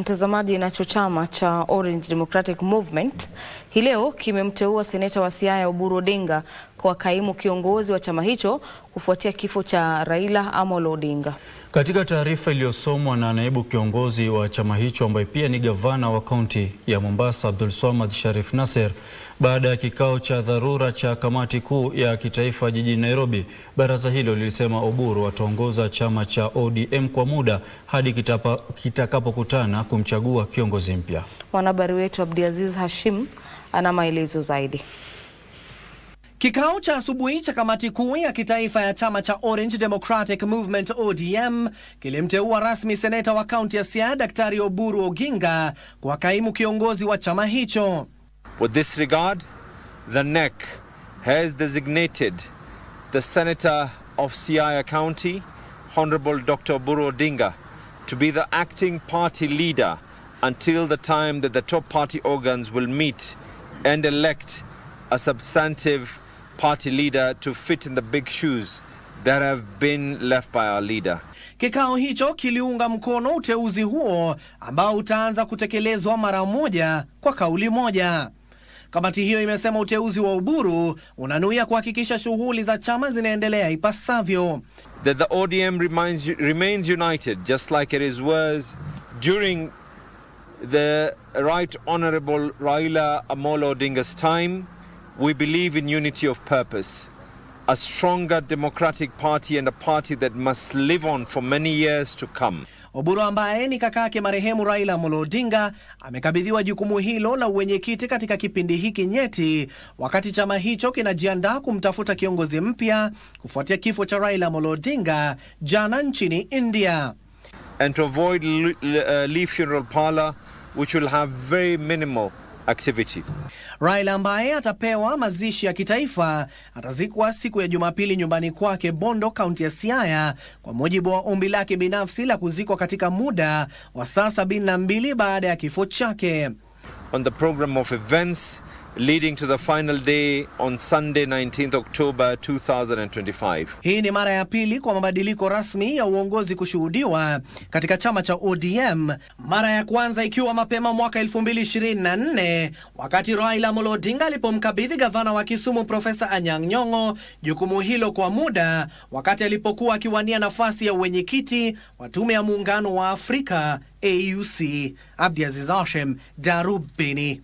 Mtazamaji, nacho chama cha Orange Democratic Movement hii leo kimemteua seneta wa Siaya Oburu Odinga kwa kaimu kiongozi wa chama hicho kufuatia kifo cha Raila Amolo Odinga. Katika taarifa iliyosomwa na naibu kiongozi wa chama hicho ambaye pia ni gavana wa kaunti ya Mombasa abdul Swamad Sharif Nasser, baada ya kikao cha dharura cha kamati kuu ya kitaifa jijini Nairobi, baraza hilo lilisema Oburu ataongoza chama cha ODM kwa muda hadi kitakapokutana kumchagua kiongozi mpya. Mwanahabari wetu Abdiaziz Hashim ana maelezo zaidi. Kikao cha asubuhi cha kamati kuu ya kitaifa ya chama cha Orange Democratic Movement ODM kilimteua rasmi seneta wa kaunti ya Siaya Daktari Oburu Oginga kwa kaimu kiongozi wa chama hicho. With this regard, the NEC has designated the senator of Siaya County, Honorable Dr. Oburu Odinga to be the acting party leader until the time that the top party organs will meet and elect a substantive party leader to fit in the big shoes that have been left by our leader. Kikao hicho kiliunga mkono uteuzi huo ambao utaanza kutekelezwa mara moja kwa kauli moja. Kamati hiyo imesema uteuzi wa Uburu unanuia kuhakikisha shughuli za chama zinaendelea ipasavyo. That the ODM remains, remains united just like it is was during the right honorable Raila Amolo Odinga's time. We believe in unity of purpose, a stronger democratic party and a party that must live on for many years to come. Oburu ambaye ni kakake marehemu Raila Amolo Odinga amekabidhiwa jukumu hilo la uwenyekiti katika kipindi hiki nyeti, wakati chama hicho kinajiandaa kumtafuta kiongozi mpya kufuatia kifo cha Raila Amolo Odinga jana nchini India. And to avoid uh, leave funeral parlor which will have very minimal activity. Raila ambaye atapewa mazishi ya kitaifa atazikwa siku ya Jumapili nyumbani kwake Bondo, kaunti ya Siaya, kwa mujibu wa ombi lake binafsi la kuzikwa katika muda wa saa 72 baada ya kifo chake. On the program of events leading to the final day on Sunday 19th October 2025. Hii ni mara ya pili kwa mabadiliko rasmi ya uongozi kushuhudiwa katika chama cha ODM, mara ya kwanza ikiwa mapema mwaka 2024 wakati Raila Amolo Odinga alipomkabidhi gavana wa Kisumu Profesa Anyang' Nyong'o jukumu hilo kwa muda wakati alipokuwa akiwania nafasi ya uwenyekiti wa tume ya muungano wa Afrika AUC. Abdiaziz Hashem, Darubini.